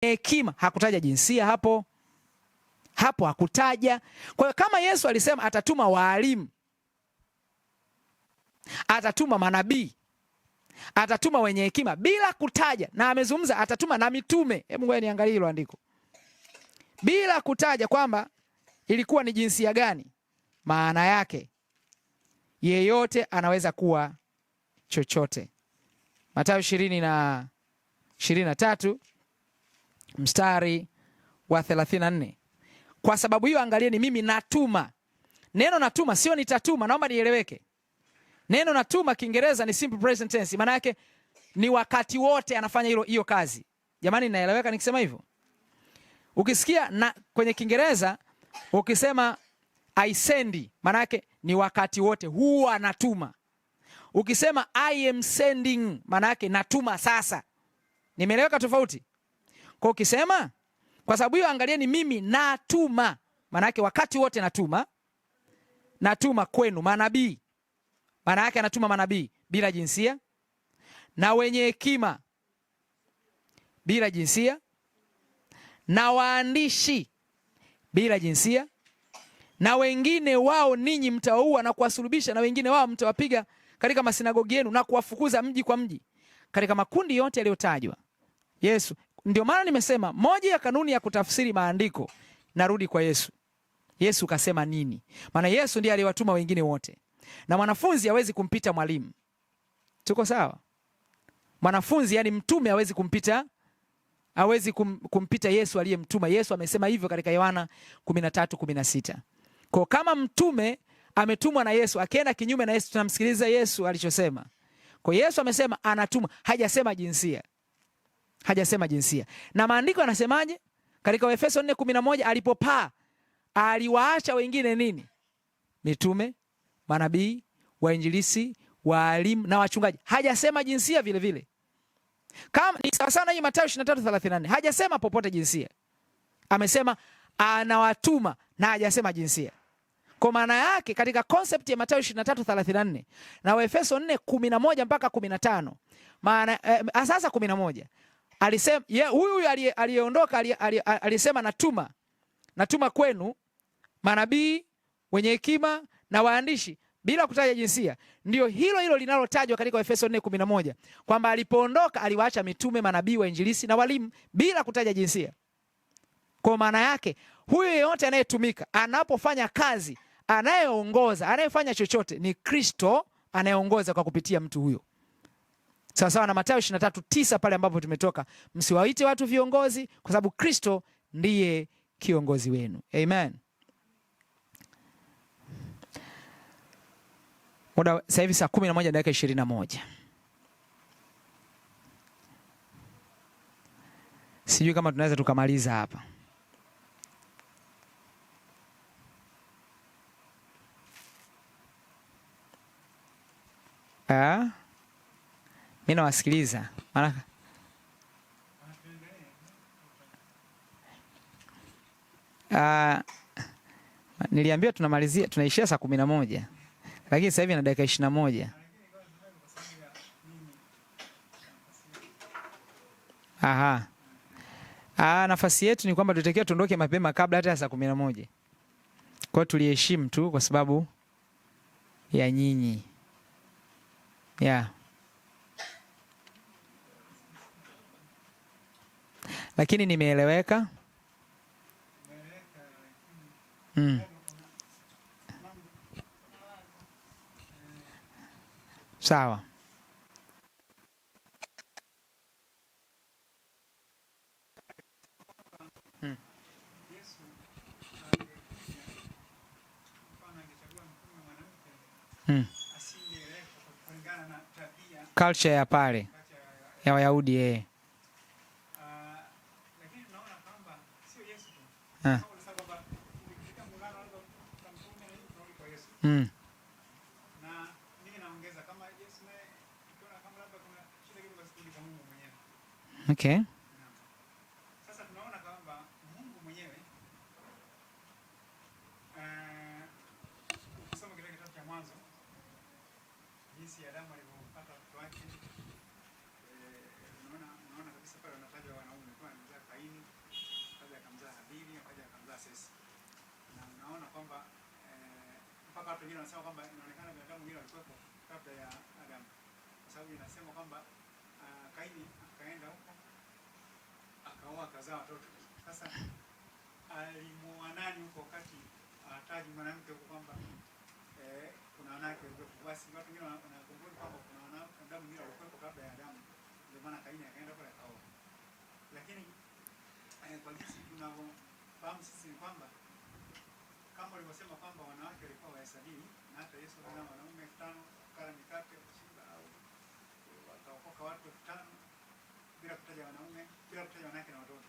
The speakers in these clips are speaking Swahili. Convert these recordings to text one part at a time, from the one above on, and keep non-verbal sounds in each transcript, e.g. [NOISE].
hekima. Hakutaja jinsia hapo hapo, hakutaja. Kwa hiyo kama Yesu alisema atatuma waalimu, atatuma manabii, atatuma wenye hekima bila kutaja, na amezungumza atatuma na mitume. Hebu ngoja niangalie hilo andiko bila kutaja kwamba ilikuwa ni jinsia gani. Maana yake yeyote anaweza kuwa chochote. Mathayo ishirini na ishirini na tatu mstari wa 34. Kwa sababu hiyo, angalieni, mimi natuma. Neno natuma sio nitatuma, naomba nieleweke. Neno natuma Kiingereza ni simple present tense, maana yake ni wakati wote anafanya hilo hiyo kazi. Jamani, naeleweka nikisema hivyo? Ukisikia na kwenye Kiingereza ukisema I send, maana yake ni wakati wote huwa natuma. Ukisema I am sending, maana yake natuma sasa. Nimeeleweka tofauti? Kwa ukisema, kwa sababu hiyo angalieni, mimi natuma, maana yake wakati wote natuma, natuma kwenu manabii, maana yake anatuma manabii bila jinsia na wenye hekima bila jinsia na waandishi bila jinsia na wengine wao ninyi mtawaua na kuwasulubisha, na wengine wao mtawapiga katika masinagogi yenu na kuwafukuza mji kwa mji. Katika makundi yote yaliyotajwa Yesu ndio maana nimesema moja ya kanuni ya kutafsiri maandiko, narudi kwa Yesu. Yesu kasema nini? Maana Yesu ndiye aliwatuma wengine wote, na mwanafunzi hawezi kumpita mwalimu. Tuko sawa? Mwanafunzi yani mtume hawezi kumpita hawezi kum, kumpita Yesu aliyemtuma. Yesu amesema hivyo katika Yohana 13:16. Kwa kama mtume ametumwa na Yesu, akienda kinyume na Yesu tunamsikiliza Yesu alichosema. Kwa Yesu amesema anatumwa, hajasema jinsia hajasema jinsia. Na maandiko yanasemaje? Katika Efeso 4:11 alipopaa aliwaacha wengine nini? Mitume, manabii, wainjilisi, waalimu na wachungaji. Hajasema jinsia vile vile. Kama ni sawa sana hii Mathayo 23:34. Hajasema popote jinsia. Amesema anawatuma na hajasema jinsia. Kwa maana yake katika concept ya Mathayo 23:34 na Waefeso 4:11 mpaka 15. Maana eh, sasa 11. Alisema huyu huyu aliyeondoka alisema, natuma natuma kwenu manabii wenye hekima na waandishi bila kutaja jinsia. Ndio hilo hilo linalotajwa katika efeso 4:11 kwamba alipoondoka aliwaacha mitume, manabii, wainjilisi na walimu bila kutaja jinsia. Kwa maana yake huyu yeyote anayetumika, anapofanya kazi, anayeongoza, anayefanya chochote, ni Kristo anayeongoza kwa kupitia mtu huyo sawasawa na Mathayo 23:9 pale ambapo tumetoka, msiwaite watu viongozi, kwa sababu Kristo ndiye kiongozi wenu. Amen. Muda sasa hivi saa 11 na dakika 21. Sijui kama tunaweza tukamaliza hapa. mi nawasikiliza maana Uh, niliambiwa tunamalizia tunaishia saa kumi na moja lakini sasa hivi na dakika ishirini na moja. Aha. Ah, nafasi yetu ni kwamba tutakiwa tuondoke mapema kabla hata ya saa kumi na moja. Kwa hiyo tuliheshimu tu kwa sababu ya nyinyi, yeah. lakini nimeeleweka. Mm. Sawa. Hmm. hmm. Culture ya pale ya Wayahudi yeye eh. Mm. Okay. kwa jinsi tunavyofahamu sisi ni kwamba kama ulivyosema kwamba wanawake walikuwa wahesabiwi na hata Yesu aliona wanaume elfu tano kukala mikate kushiba au wataokoka watu elfu tano bila kutaja wanaume bila kutaja wanawake na watoto,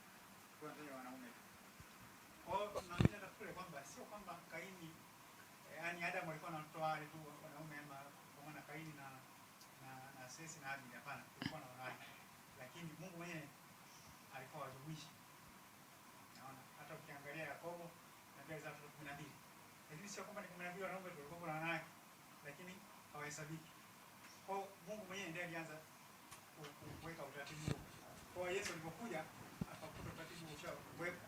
kwa kutaja wanaume. tu. Kwa hiyo tunaamini hata kule kwamba sio kwamba Kaini, yaani Adamu alikuwa na watoto wale tu wanaume, ama na Kaini na na na sisi na Abel, hapana, kulikuwa na wanawake, lakini Mungu mwenyewe alikuwa wajumuishi komo na pia za kumi na mbili, lakini sio kwamba ni kumi na mbili wanaume tu, walikuwa na wanawake, lakini hawahesabiki. Kwa Mungu mwenyewe ndiye alianza kuweka utaratibu huo. Kwa Yesu alipokuja akakuta utaratibu huo kuweka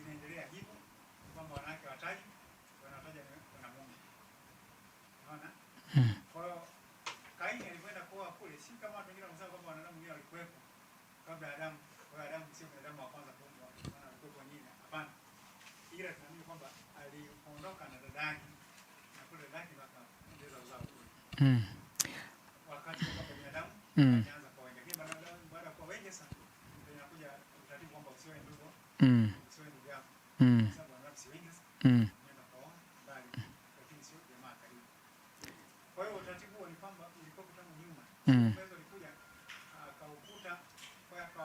inaendelea hivyo kwamba wanawake wataji wanataja ni Mungu, unaona. Hmm. Kwa hiyo Kaini alikwenda kuoa kule, si kama watu wengine wanasema kwamba wanadamu wengine walikuwepo kabla ya Adamu. Kwa hiyo Adamu sio mwanadamu wa kwanza ila tunaamini kwamba aliondoka na dadake na kwa dadake ndo akaendeleza uzao kule. Mm. Wakati kwa binadamu mm. anaanza kwa wengi, lakini baada kwa wengi sasa inakuja utaratibu kwamba usiwe ndugu mm. usiwe ndugu yako mm. sababu wanafsi wengi sasa mm. nenda kwa mbali, lakini sio jamaa karibu. Kwa hiyo utaratibu ni kwamba ulikuwa kutangu nyuma mm labda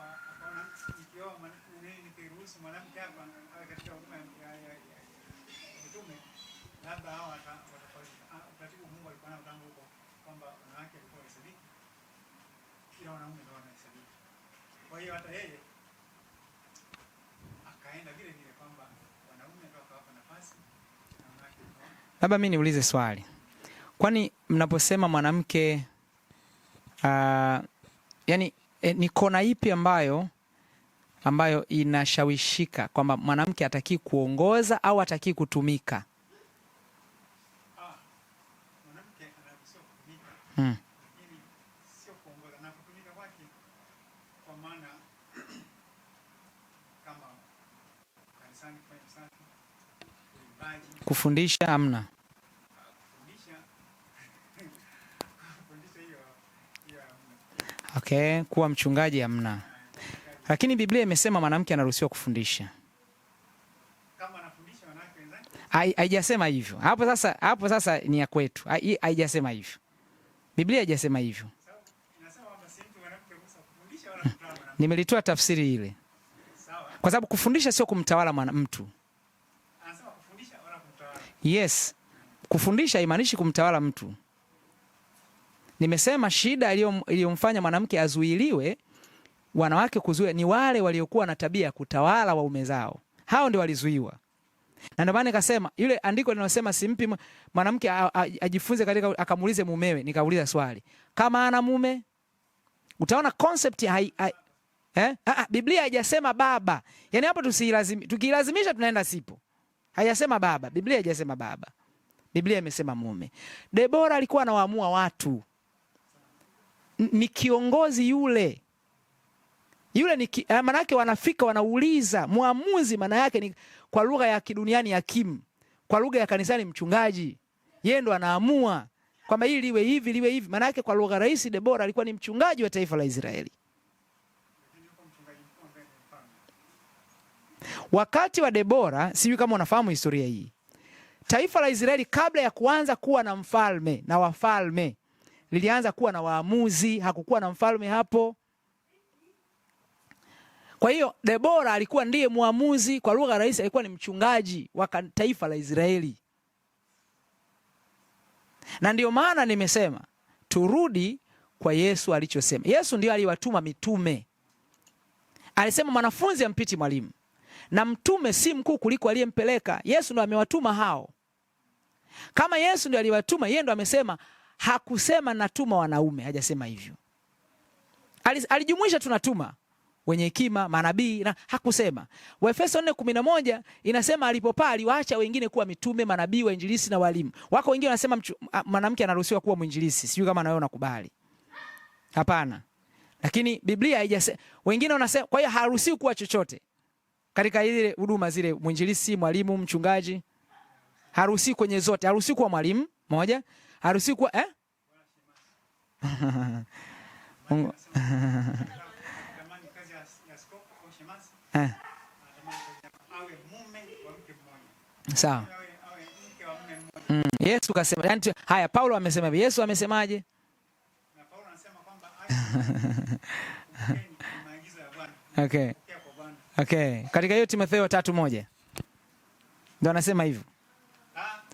ah, Kwa hiyo hata yeye akaenda vile vile kwamba wanaume ndio wakawapa nafasi Labda mimi niulize swali, kwani mnaposema mwanamke uh, yani e, eh, ni kona ipi ambayo ambayo inashawishika kwamba mwanamke atakii kuongoza au atakii kutumika? Hmm. Kufundisha amna okay, kuwa mchungaji amna lakini Biblia imesema mwanamke anaruhusiwa kufundisha. Haijasema hivyo hapo. Sasa hapo sasa ni ya kwetu, haijasema hivyo Biblia haijasema hivyo. Nimelitoa tafsiri ile kwa sababu kufundisha sio kumtawala mtu. Yes, kufundisha haimaanishi kumtawala mtu. Nimesema shida iliyomfanya mwanamke azuiliwe, wanawake kuzuia ni wale waliokuwa na tabia ya kutawala waume zao, hao ndio walizuiwa. Na ndio maana nikasema yule andiko linalosema simpi mwanamke ajifunze katika, akamuulize mumewe. Nikauliza swali kama ana mume, utaona concept hai, hai, eh? Ah, ah Biblia haijasema baba, yani hapo tusilazim, tukilazimisha tunaenda sipo. Haijasema baba, Biblia haijasema baba, Biblia imesema mume. Debora alikuwa anawaamua watu ni kiongozi yule yule ni ki, eh, maana yake wanafika wanauliza mwamuzi, maana yake ni kwa lugha ya kiduniani hakimu, kwa lugha ya kanisani mchungaji. Yeye ndo anaamua kwamba hili liwe hivi liwe hivi. Maana yake kwa lugha rahisi, Debora alikuwa ni mchungaji wa taifa la Israeli. Wakati wa Debora, sijui kama unafahamu historia hii, taifa la Israeli kabla ya kuanza kuwa na mfalme na wafalme lilianza kuwa na waamuzi, hakukuwa na mfalme hapo. Kwa hiyo Debora alikuwa ndiye mwamuzi, kwa lugha rahisi alikuwa ni mchungaji wa taifa la Israeli. Na ndiyo maana nimesema turudi kwa Yesu alichosema. Yesu ndiyo aliwatuma mitume. Alisema mwanafunzi ampiti mwalimu, na mtume si mkuu kuliko aliyempeleka. Yesu ndo amewatuma hao. Kama Yesu ndio aliwatuma, yeye ndo amesema hakusema natuma wanaume, hajasema hivyo. Alijumuisha tunatuma wenye hekima, manabii na hakusema. Waefeso 4:11 inasema alipopaa aliwaacha wengine kuwa mitume, manabii, wainjilisi na walimu. Wako wengine wanasema mwanamke anaruhusiwa kuwa mwinjilisi, sijui kama na wewe unakubali. Hapana, lakini Biblia haijasema. Wengine wanasema, kwa hiyo haruhusiwi kuwa chochote katika ile huduma zile, mwinjilisi, mwalimu, mchungaji, haruhusiwi kwenye zote. Haruhusiwi kuwa mwalimu moja harusi kuwa eh? Mungu [LAUGHS] Sawa. Mm. Yesu kasema, yani haya Paulo amesema hivi. Yesu amesemaje? Na Paulo anasema kwamba Okay. Okay. Katika hiyo Timotheo tatu moja. ndo anasema hivyo.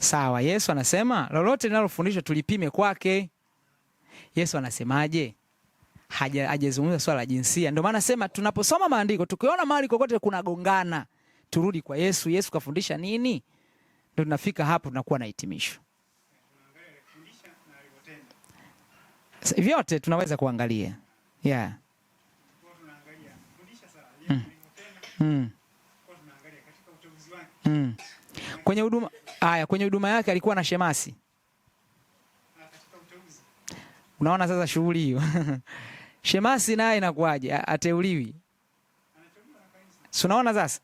Sawa, Yesu anasema lolote linalofundishwa tulipime kwake. Yesu anasemaje? Hajazungumza swala la jinsia. Ndio maana sema tunaposoma maandiko tukiona mahali kokote kunagongana, turudi kwa Yesu. Yesu kafundisha nini? Ndio tunafika hapo, tunakuwa na hitimisho vyote tunaweza kuangalia yeah. Mm. Mm. Kwenye huduma Haya, kwenye huduma yake alikuwa na shemasi. Unaona sasa shughuli hiyo. [LAUGHS] Shemasi naye inakuwaje? Ateuliwi. Si unaona sasa?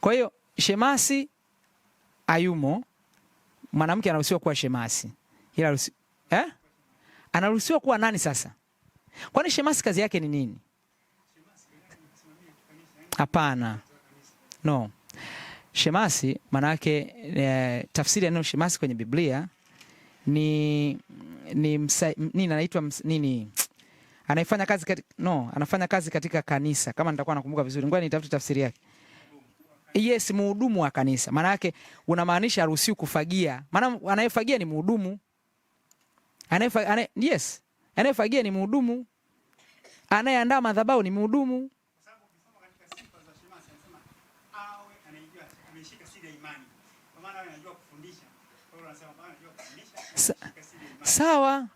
Kwa hiyo shemasi ayumo, mwanamke anaruhusiwa kuwa shemasi. Ila rusi... eh? Anaruhusiwa kuwa nani sasa? Kwani shemasi kazi yake ni nini? Hapana. No. Shemasi manake e, tafsiri ya neno shemasi kwenye Biblia ni ni msa, nini anaitwa nini anayefanya kazi kati, no, anafanya kazi katika kanisa kama nitakuwa nakumbuka vizuri, ngoja nitafute tafsiri yake. Yes, muhudumu wa kanisa. Maana yake unamaanisha haruhusi kufagia. Maana anayefagia ni muhudumu. Anayefagia, ane, yes. Anayefagia ni muhudumu. Anayeandaa madhabahu ni muhudumu. sawa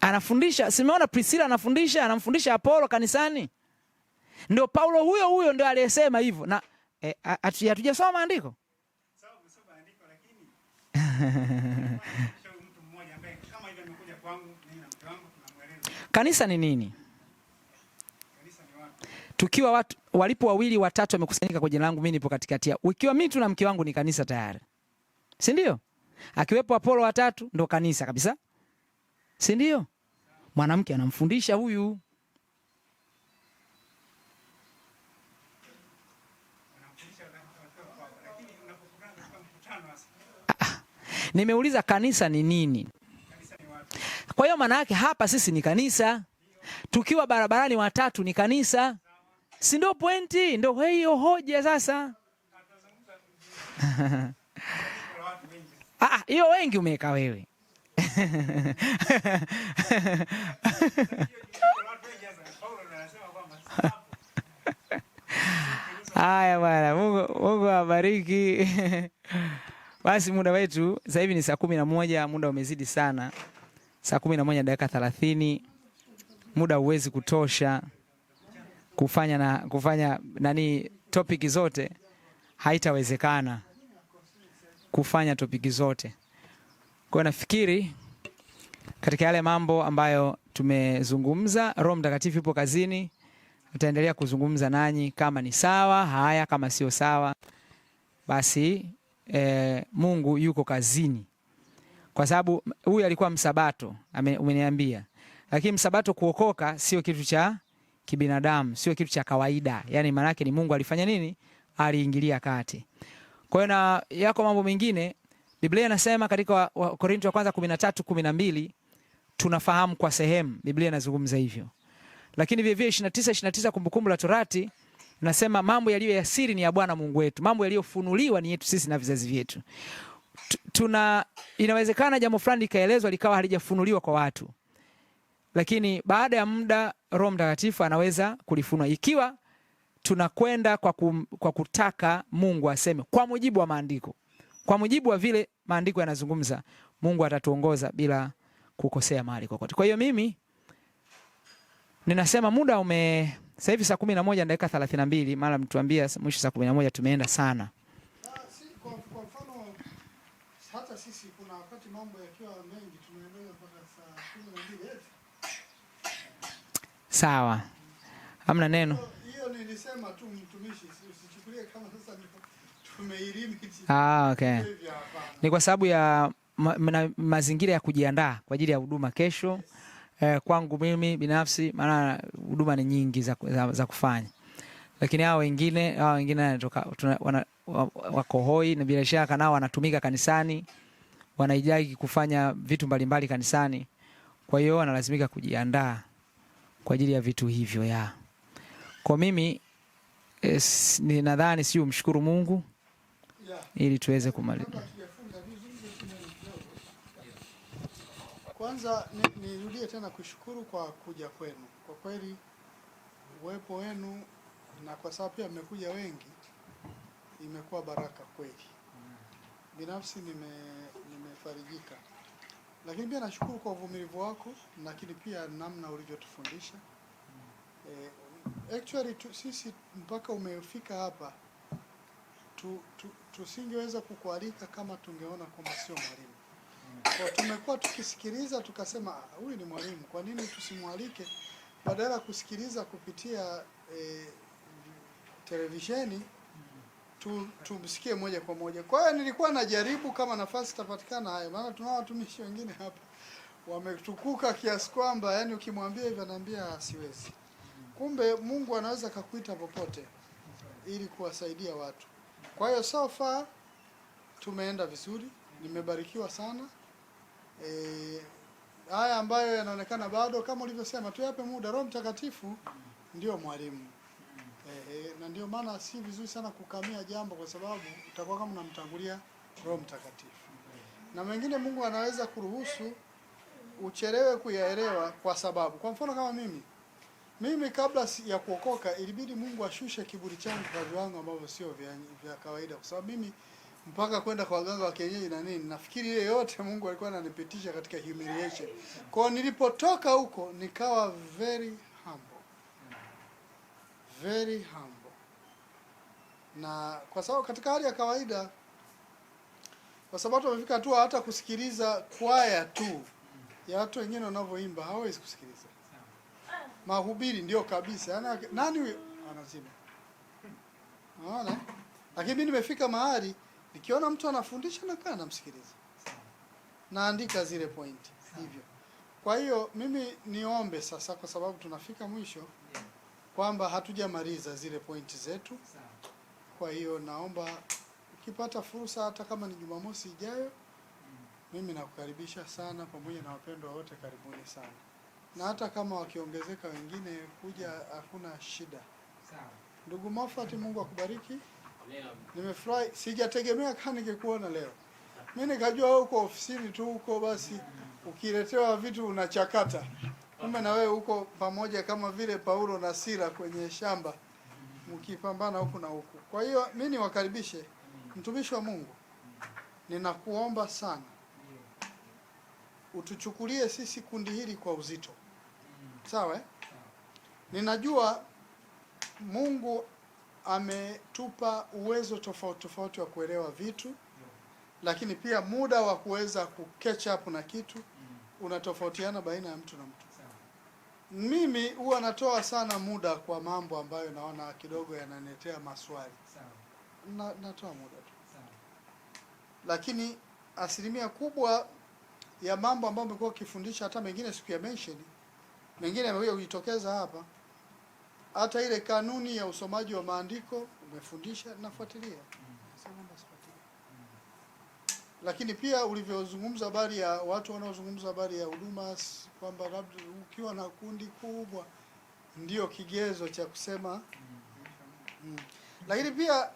anafundisha, simeona Priscilla anafundisha, anamfundisha Apolo kanisani. Ndio Paulo huyo huyo ndio aliyesema hivyo, na eh, hatujasoma maandiko [LAUGHS] kanisa ni nini? Tukiwa watu walipo wawili watatu wamekusanyika kwa jina langu, mimi nipo katikati yao. Ukiwa mimi tu na mke wangu ni kanisa tayari, si ndio? akiwepo Apolo watatu ndo kanisa kabisa, si ndio? Mwanamke anamfundisha huyu ah, Nimeuliza kanisa ni nini? Kwa hiyo maana yake hapa sisi ni kanisa, tukiwa barabarani watatu ni kanisa, si ndio? Pointi ndio hiyo hoja sasa. [LAUGHS] Ah, ah, hiyo wengi umeweka wewe [LAUGHS] Haya bwana, Mungu Mungu awabariki. [LAUGHS] Basi muda wetu sasa hivi ni saa kumi na moja. Muda umezidi sana, saa kumi na moja dakika thelathini. Muda huwezi kutosha kufanya na kufanya nani, topic zote haitawezekana kufanya topiki zote. Kwa nafikiri katika yale mambo ambayo tumezungumza, Roho Mtakatifu yupo kazini, ataendelea kuzungumza nanyi kama ni sawa, haya, kama sio sawa, basi e, Mungu yuko kazini, kwa sababu huyu alikuwa msabato, umeniambia. Lakini msabato kuokoka sio kitu cha kibinadamu, sio kitu cha kawaida, yaani maanake ni Mungu alifanya nini? Aliingilia kati. Kwa hiyo na yako mambo mengine, Biblia inasema katika Wakorintho wa kwanza 13:12 tunafahamu kwa sehemu, Biblia inazungumza hivyo. Lakini vile vile 29:29 Kumbukumbu la Torati nasema mambo yaliyo ya siri ni ya Bwana Mungu wetu, mambo yaliyofunuliwa ni yetu sisi na vizazi vyetu. Tuna inawezekana jambo fulani likaelezwa likawa halijafunuliwa kwa watu, lakini baada ya muda Roho Mtakatifu anaweza kulifunua ikiwa tunakwenda kwa, kum, kwa kutaka Mungu aseme kwa mujibu wa maandiko, kwa mujibu wa vile maandiko yanazungumza. Mungu atatuongoza bila kukosea mahali kokote. Kwa hiyo mimi ninasema muda ume sasa hivi saa kumi na moja na dakika thelathini na mbili mara mtuambia mwisho saa kumi na moja tumeenda sana. Sawa, hamna neno nilisema tu mtumishi, usichukulie kama sasa Ah, okay. Ni kwa sababu ya ma, ma, mazingira ya kujiandaa kwa ajili ya huduma kesho. Yes. Eh, kwangu mimi binafsi maana huduma ni nyingi za, za, za kufanya, lakini hao wengine hao wengine wanatoka wako hoi na bila shaka nao wanatumika kanisani, wanahitaji kufanya vitu mbalimbali kanisani, kwa hiyo wanalazimika kujiandaa kwa ajili ya vitu hivyo ya kwa mimi es, eh, ninadhani si umshukuru Mungu ili tuweze kumaliza. Kwanza nirudie ni tena kushukuru kwa kuja kwenu, kwa kweli uwepo wenu na kwa sababu pia mmekuja wengi, imekuwa baraka kweli. Binafsi nime, nimefarijika, lakini pia nashukuru kwa uvumilivu wako, lakini pia namna ulivyotufundisha eh, actually tu, sisi mpaka umefika hapa tu, tu, tusingeweza kukualika kama tungeona kwamba sio mwalimu. Kwa tumekuwa tukisikiliza tukasema, ah, huyu ni mwalimu, kwa nini tusimwalike badala ya kusikiliza kupitia e, televisheni tu, tumsikie moja kwa moja. Kwa hiyo nilikuwa najaribu kama nafasi itapatikana hayo, maana tunao watumishi wengine hapa wametukuka kiasi kwamba, yani ukimwambia hivyo anaambia ah, siwezi. Kumbe Mungu anaweza kakuita popote ili kuwasaidia watu. Kwa hiyo so far tumeenda vizuri, nimebarikiwa sana. E, haya ambayo yanaonekana bado, kama ulivyosema, tuyape muda. Roho Mtakatifu ndio mwalimu e, e, na ndio maana si vizuri sana kukamia jambo, kwa sababu utakuwa kama unamtangulia Roho Mtakatifu, na mengine Mungu anaweza kuruhusu uchelewe kuyaelewa, kwa sababu kwa mfano kama mimi mimi kabla ya kuokoka ilibidi Mungu ashushe kiburi changu kwa viwango ambavyo sio vya, vya kawaida kwa sababu mimi mpaka kwenda kwa waganga wa kienyeji na nini, nafikiri ile yote Mungu alikuwa ananipitisha katika humiliation. Kwa nilipotoka huko nikawa very humble. Very humble. Na kwa sababu katika hali ya kawaida kwa sababu watu wamefika tu hata kusikiliza kwaya tu ya watu wengine wanavyoimba hawezi kusikiliza mahubiri ndio kabisa. Yana, nani huyo anazima? Unaona? Lakini mimi nimefika mahali nikiona mtu anafundisha nakaa namsikiliza, naandika zile point hivyo. Kwa hiyo mimi niombe sasa, kwa sababu tunafika mwisho, kwamba hatujamaliza zile pointi zetu. Kwa hiyo naomba ukipata fursa, hata kama ni Jumamosi ijayo, mimi nakukaribisha sana, pamoja na wapendwa wote, karibuni sana na hata kama wakiongezeka wengine kuja, hakuna shida. Ndugu Mafati, Mungu akubariki. Nimefurahi, sijategemea kaa ningekuona leo. Mi nikajua wewe uko ofisini tu huko, basi ukiletewa vitu unachakata, kumbe na wewe uko pamoja kama vile Paulo na Sila kwenye shamba, mkipambana huku na huku. Kwa hiyo mi niwakaribishe, mtumishi wa Mungu, ninakuomba sana utuchukulie sisi kundi hili kwa uzito. Sawa, eh? ninajua Mungu ametupa uwezo tofauti tofauti wa kuelewa vitu, lakini pia muda wa kuweza catch up na kitu unatofautiana baina ya mtu na mtu. Mimi huwa natoa sana muda kwa mambo ambayo naona kidogo yananiletea maswali na, natoa muda tu, lakini asilimia kubwa ya mambo ambayo mekuwa ukifundisha hata mengine siku ya mention mengine yamekuja kujitokeza hapa. Hata ile kanuni ya usomaji wa maandiko umefundisha, nafuatilia, lakini pia ulivyozungumza habari ya watu wanaozungumza habari ya huduma, kwamba labda ukiwa na kundi kubwa ndio kigezo cha kusema mm. Lakini pia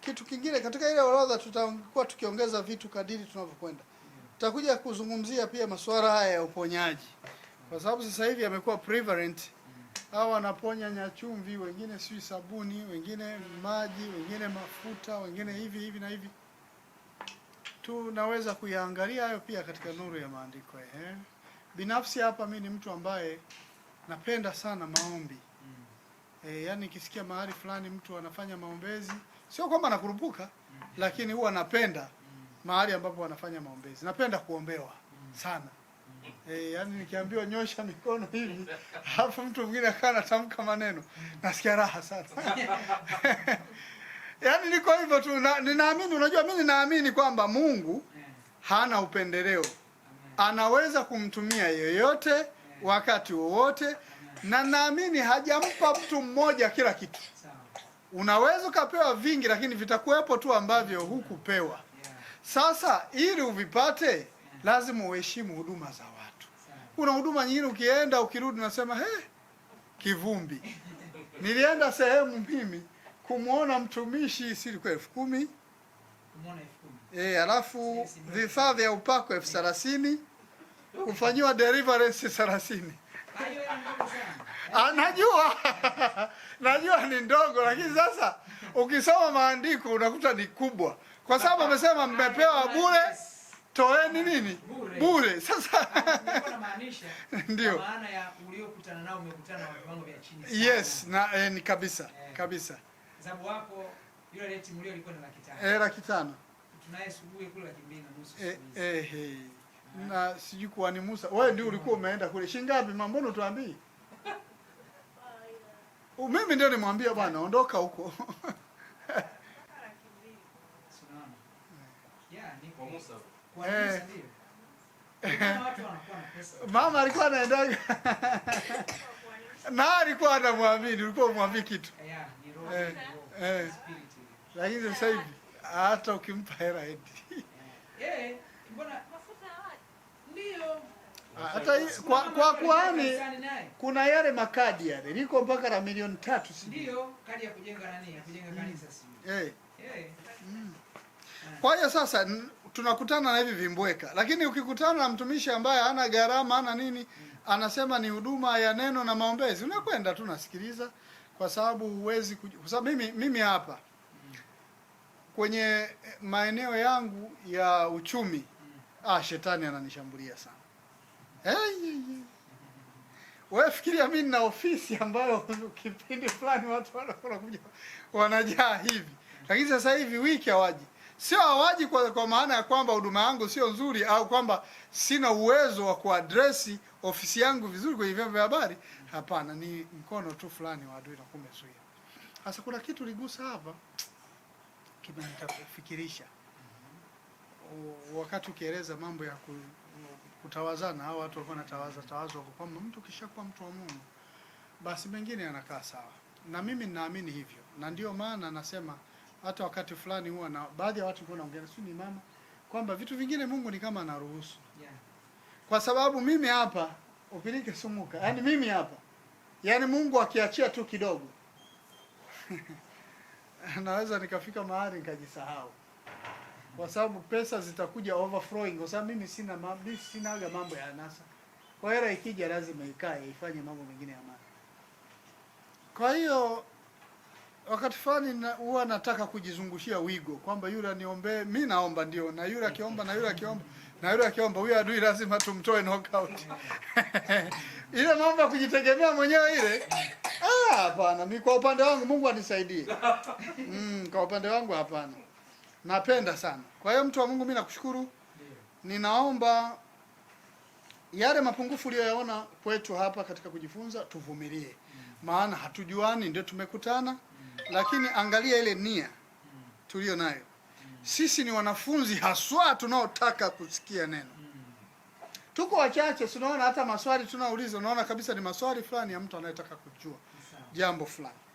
kitu kingine katika ile orodha tutakuwa tukiongeza vitu kadiri tunavyokwenda, tutakuja kuzungumzia pia masuala haya ya uponyaji kwa sababu sasa hivi yamekuwa prevalent hawa wanaponya nyachumvi, wengine sijui sabuni, wengine maji, wengine mafuta, wengine hivi hivi na hivi. Tunaweza kuyaangalia hayo pia katika nuru ya maandiko eh. Binafsi hapa mi ni mtu ambaye napenda sana maombi mm. E, eh, yani nikisikia mahali fulani mtu anafanya maombezi, sio kwamba nakurupuka mm. Lakini huwa napenda mm. mahali ambapo wanafanya maombezi, napenda kuombewa mm. sana Eh, yani nikiambiwa nyosha mikono hivi, alafu mtu mwingine akawa anatamka maneno, nasikia raha sana. [LAUGHS] Yaani niko hivyo tu, ninaamini. Unajua, mimi ninaamini kwamba Mungu hana upendeleo, anaweza kumtumia yeyote wakati wowote, na naamini hajampa mtu mmoja kila kitu. Unaweza ukapewa vingi, lakini vitakuwepo tu ambavyo hukupewa. Sasa ili uvipate, lazima uheshimu huduma za kuna huduma nyingine ukienda ukirudi unasema he, kivumbi nilienda sehemu mimi kumwona mtumishi silikuwa elfu kumi eh, alafu vifaa vya upako elfu thelathini kufanyiwa deliverance thelathini Anajua [LAUGHS] najua ni ndogo, lakini sasa ukisoma maandiko unakuta ni kubwa, kwa sababu amesema mmepewa bure toeni nini bure, Sasa [LAUGHS] ndio maana ya uliokutana nao, umekutana na viwango vya chini. Yes, na eh, ni kabisa eh, kabisa sababu wako yule leti mlio alikuwa na laki tano eh, laki tano tunaye subuhi kule laki mbili na nusu eh, eh, eh. hey. Eh. na sijui kwa ni Musa, wewe ndio ulikuwa umeenda kule shingapi? Mambo mbona tuambii [LAUGHS] mimi ndio nimwambia bwana ondoka huko. [LAUGHS] yeah, ni kwa Musa. Eh. [LAUGHS] mama alikuwa anaenda [LAUGHS] na alikuwa anamwamini, ulikuwa umwambii kitu eh, eh. eh. Lakini sasa hivi hata ukimpa hela eti [LAUGHS] eh, ah, hata kwa kwa kuhani kuna yale makadi yale liko mpaka la milioni tatu ndio kadi ya kujenga nani ya kujenga mm. kanisa sio eh eh. Mm. Kwa hiyo sasa tunakutana na hivi vimbweka, lakini ukikutana na mtumishi ambaye hana gharama hana nini, anasema ni huduma ya neno na maombezi, unakwenda tu nasikiliza, kwa sababu huwezi kwa sababu mimi, mimi hapa kwenye maeneo yangu ya uchumi ah, shetani ananishambulia sana. hey, hey, Hey, wewe fikiria mimi nina ofisi ambayo [LAUGHS] kipindi fulani watu wanakuja wanajaa hivi, lakini sasa hivi wiki hawaji Sio hawaji kwa, kwa maana ya kwamba huduma yangu sio nzuri au kwamba sina uwezo wa kuadresi ofisi yangu vizuri kwenye vyombo vya habari. Hapana, ni mkono tu fulani wa adui unakuwa Sasa kuna kitu ligusa hapa kimenitafikirisha wakati ukieleza mambo ya kutawazana au watu walikuwa natawaza kwa kwamba mtu kishakuwa mtu wa Mungu basi mengine yanakaa sawa, na mimi ninaamini hivyo, na ndio maana nasema hata wakati fulani huwa na baadhi ya watu walikuwa naongea si ni mama kwamba vitu vingine Mungu ni kama anaruhusu. Yeah. Kwa sababu mimi hapa upilike sumuka. Yaani mimi hapa. Yaani Mungu akiachia tu kidogo. [LAUGHS] Naweza nikafika mahali nikajisahau. Kwa sababu pesa zitakuja overflowing kwa sababu mimi sina mambo sina haga mambo ya anasa. Kwa hela ikija lazima ikae ifanye mambo mengine ya maana. Kwa hiyo wakati fulani huwa na, nataka kujizungushia wigo kwamba yule aniombee, mi naomba ndio, na yule akiomba, na yule akiomba, na yule akiomba, huyo adui lazima tumtoe knockout [LAUGHS] ile naomba kujitegemea mwenyewe ile, ah, hapana. Mi kwa upande wangu Mungu anisaidie. [LAUGHS] Mm, kwa upande wangu hapana, napenda sana. Kwa hiyo mtu wa Mungu, mi nakushukuru, ninaomba yale mapungufu uliyoyaona kwetu hapa katika kujifunza tuvumilie, maana hatujuani, ndio tumekutana lakini angalia ile nia tuliyo nayo sisi. Ni wanafunzi haswa tunaotaka kusikia neno, tuko wachache. Tunaona hata maswali tunaouliza, unaona kabisa ni maswali fulani ya mtu anayetaka kujua jambo fulani.